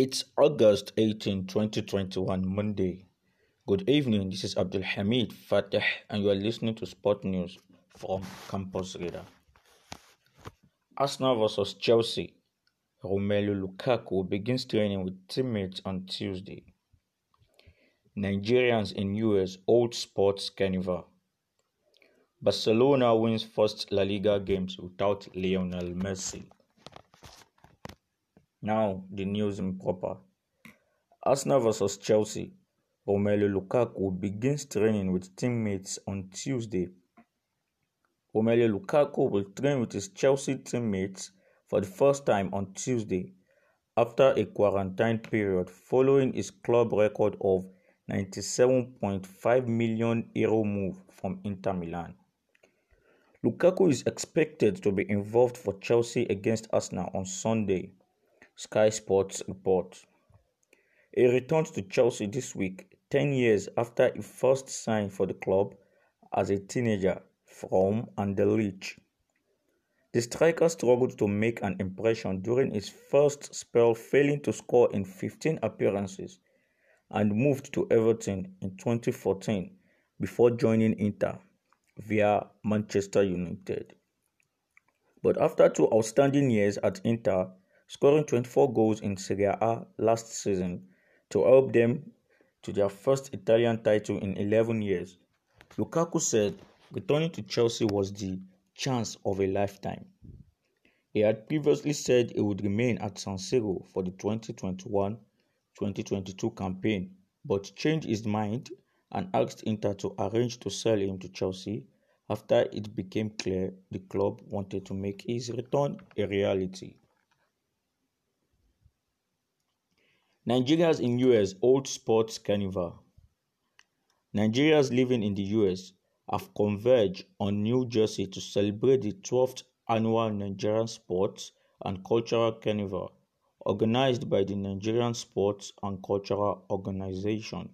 It's August 18, 2021, Monday. Good evening, this is Abdul Hamid Fateh, and you are listening to Sport News from Campus Reader. Arsenal versus Chelsea. Romelu Lukaku begins training with teammates on Tuesday. Nigerians in US Old Sports Carnival. Barcelona wins first La Liga games without Lionel Messi. Now, the news proper. Arsenal vs Chelsea. Romelu Lukaku begins training with teammates on Tuesday. Romelu Lukaku will train with his Chelsea teammates for the first time on Tuesday after a quarantine period following his club record of 97.5 million euro move from Inter Milan. Lukaku is expected to be involved for Chelsea against Arsenal on Sunday. Sky Sports report. He returns to Chelsea this week, 10 years after he first signed for the club as a teenager from Anderlecht. The striker struggled to make an impression during his first spell, failing to score in 15 appearances, and moved to Everton in 2014 before joining Inter via Manchester United. But after two outstanding years at Inter, scoring 24 goals in Serie A last season to help them to their first Italian title in 11 years. Lukaku said returning to Chelsea was the chance of a lifetime. He had previously said he would remain at San Siro for the 2021 2022 campaign, but changed his mind and asked Inter to arrange to sell him to Chelsea after it became clear the club wanted to make his return a reality. Nigerians in US hold sports carnival. Nigerians living in the US have converged on New Jersey to celebrate the 12th annual Nigerian Sports and Cultural Carnival, organized by the Nigerian Sports and Cultural Organization.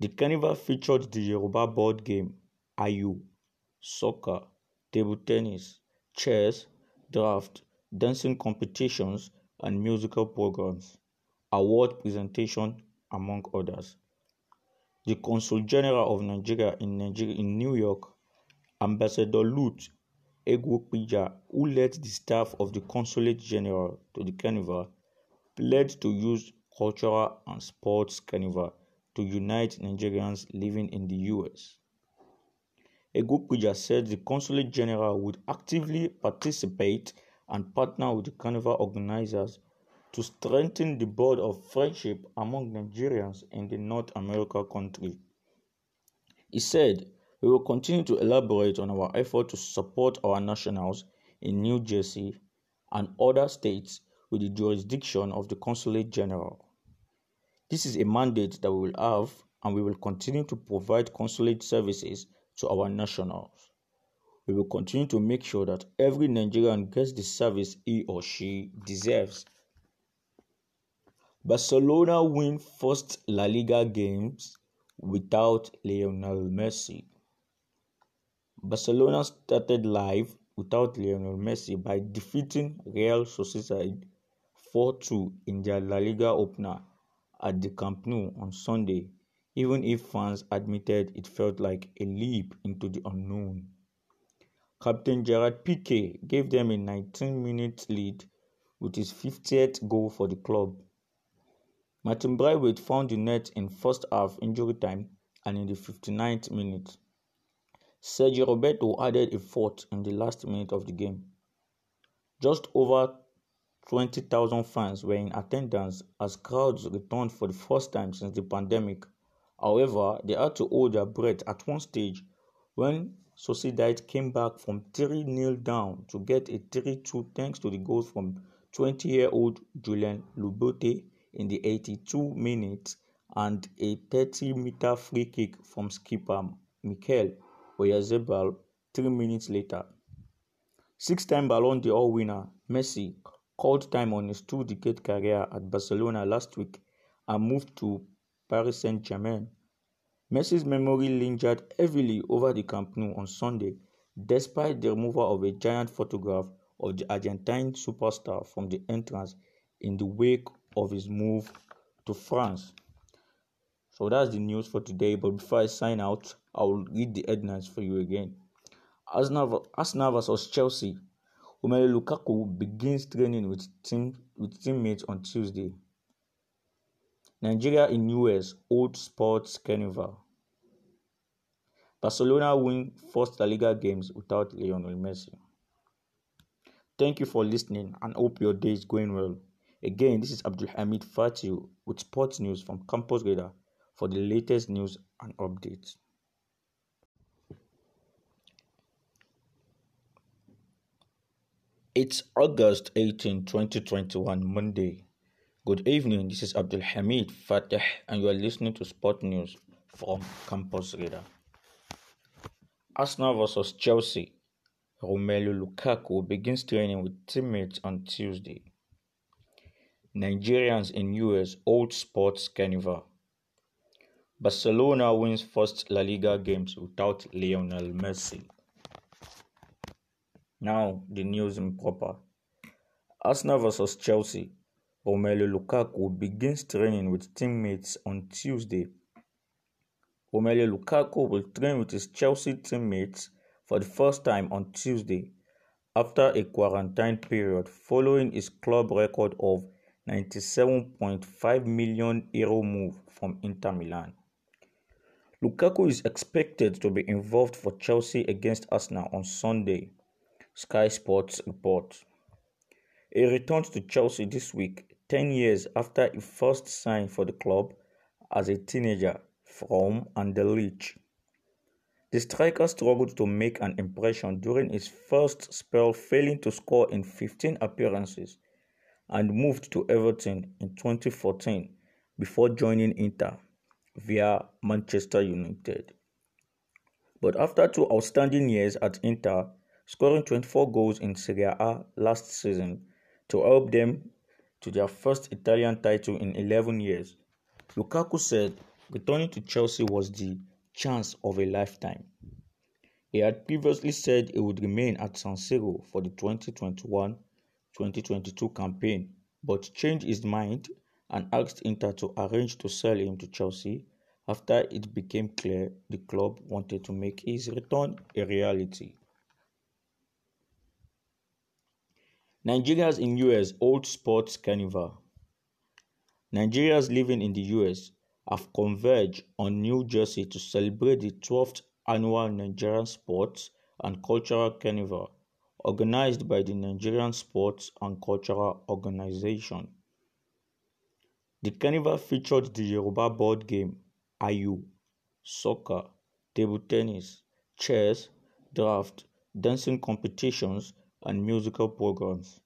The carnival featured the Yoruba board game, Ayu, soccer, table tennis, chess, draft, dancing competitions, and musical programs, award presentation, among others. The Consul General of Nigeria in, Nigeria, in New York, Ambassador Lut Egwopija, who led the staff of the Consulate General to the carnival, pledged to use cultural and sports carnival to unite Nigerians living in the US. Egwopija said the Consulate General would actively participate and partner with the carnival organizers to strengthen the bond of friendship among Nigerians in the North America country. He said, We will continue to elaborate on our effort to support our nationals in New Jersey and other states with the jurisdiction of the Consulate General. This is a mandate that we will have, and we will continue to provide consulate services to our nationals. We will continue to make sure that every Nigerian gets the service he or she deserves. Barcelona win first La Liga games without Lionel Messi. Barcelona started life without Lionel Messi by defeating Real Sociedad 4-2 in their La Liga opener at the Camp Nou on Sunday, even if fans admitted it felt like a leap into the unknown. Captain Gerard Piqué gave them a 19-minute lead with his 50th goal for the club. Martin Braithwaite found the net in first half injury time and in the 59th minute. Sergio Roberto added a fourth in the last minute of the game. Just over 20,000 fans were in attendance as crowds returned for the first time since the pandemic. However, they had to hold their breath at one stage when Sociedad came back from 3 0 down to get a 3 2 thanks to the goals from 20 year old Julian Lubote in the 82 minutes and a 30 meter free kick from skipper Mikel Oyazabal 3 minutes later. Six time Ballon d'Or winner Messi called time on his two decade career at Barcelona last week and moved to Paris Saint Germain Messi's memory lingered heavily over the Camp Nou on Sunday despite the removal of a giant photograph of the Argentine superstar from the entrance in the wake of his move to France. So that's the news for today. But before I sign out, I will read the headlines for you again. Arsenal, Arsenal as Chelsea. Romelu Lukaku begins training with team with teammates on Tuesday. Nigeria in US old sports carnival. Barcelona win first La Liga games without Lionel Messi. Thank you for listening and hope your day is going well. Again, this is Abdul Hamid Fatih with sports news from Campus Radar for the latest news and updates. It's August 18, 2021, Monday. Good evening, this is Abdul Hamid Fatih, and you are listening to sports News from Campus Radar. Arsenal vs Chelsea Romelu Lukaku begins training with teammates on Tuesday. Nigerians in US Old Sports Carnival. Barcelona wins first La Liga games without Lionel Messi. Now the news improper. proper. Arsenal vs Chelsea. Romelu Lukaku begins training with teammates on Tuesday Romelu Lukaku will train with his Chelsea teammates for the first time on Tuesday after a quarantine period following his club record of 97.5 million euro move from Inter Milan. Lukaku is expected to be involved for Chelsea against Arsenal on Sunday, Sky Sports report. He returns to Chelsea this week, 10 years after he first signed for the club as a teenager from and Delitzsch. The striker struggled to make an impression during his first spell, failing to score in 15 appearances, and moved to Everton in 2014 before joining Inter via Manchester United. But after two outstanding years at Inter, scoring 24 goals in Serie A last season to help them to their first Italian title in 11 years, Lukaku said, Returning to Chelsea was the chance of a lifetime. He had previously said he would remain at San Siro for the 2021-2022 campaign, but changed his mind and asked Inter to arrange to sell him to Chelsea after it became clear the club wanted to make his return a reality. Nigerians in US hold sports carnival. Nigerians living in the US have converged on New Jersey to celebrate the 12th annual Nigerian Sports and Cultural Carnival, organized by the Nigerian Sports and Cultural Organization. The carnival featured the Yoruba board game, Ayu, soccer, table tennis, chess, draft, dancing competitions, and musical programs,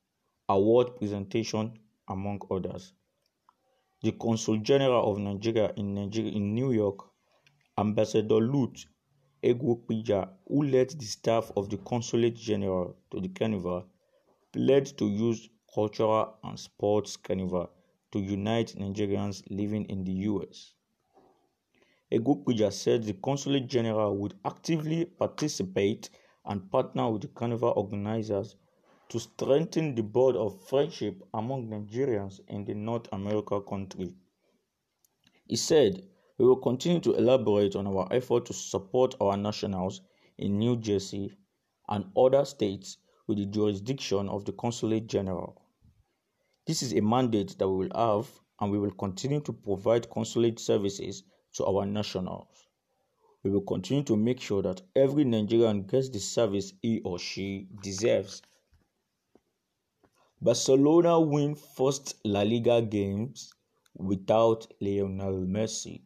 award presentation, among others the Consul General of Nigeria in, Nigeria, in New York, Ambassador Lut Egwopija, who led the staff of the Consulate General to the carnival, pled to use cultural and sports carnival to unite Nigerians living in the US. Egwopija said the Consulate General would actively participate and partner with the carnival organizers to strengthen the bond of friendship among Nigerians in the North America country. He said, We will continue to elaborate on our effort to support our nationals in New Jersey and other states with the jurisdiction of the Consulate General. This is a mandate that we will have, and we will continue to provide consulate services to our nationals. We will continue to make sure that every Nigerian gets the service he or she deserves Barcelona win first La Liga games without Lionel Messi.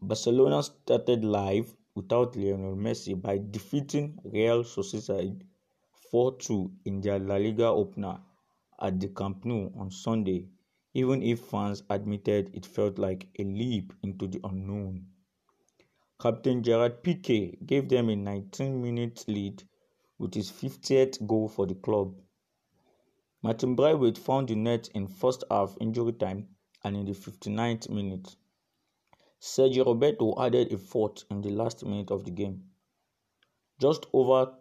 Barcelona started life without Lionel Messi by defeating Real Sociedad 4-2 in their La Liga opener at the Camp Nou on Sunday, even if fans admitted it felt like a leap into the unknown. Captain Gerard Piqué gave them a 19-minute lead with his 50th goal for the club. Martin Braithwaite found the net in first half injury time and in the 59th minute. Sergio Roberto added a fourth in the last minute of the game. Just over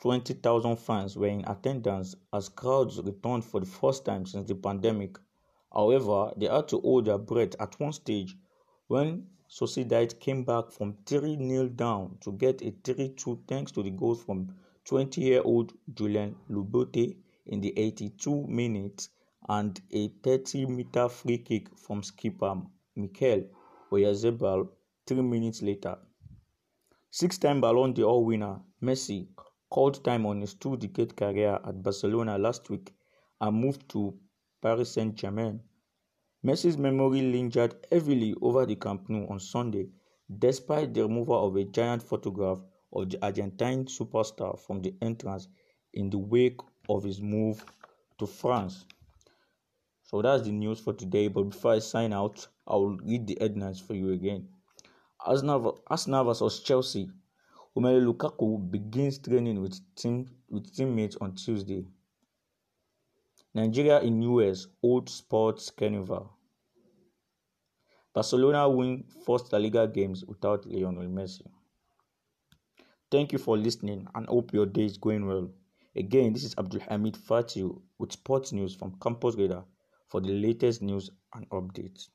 20,000 fans were in attendance as crowds returned for the first time since the pandemic. However, they had to hold their breath at one stage when Sociedad came back from 3 0 down to get a 3 2 thanks to the goals from 20 year old Julian Lubote in the 82 minutes and a 30-meter free kick from skipper Mikel Oyarzabal three minutes later. Six-time Ballon d'Or winner Messi called time on his two-decade career at Barcelona last week and moved to Paris Saint-Germain. Messi's memory lingered heavily over the Camp Nou on Sunday, despite the removal of a giant photograph of the Argentine superstar from the entrance in the wake of his move to France. So that's the news for today. But before I sign out, I will read the headlines for you again. As Arsenal as Chelsea. Romelu Lukaku begins training with team with teammates on Tuesday. Nigeria in US Old Sports Carnival. Barcelona win first La Liga games without Lionel Messi. Thank you for listening and hope your day is going well. Again, this is Abdul Hamid Fatih with Sports News from Campus Radar for the latest news and updates.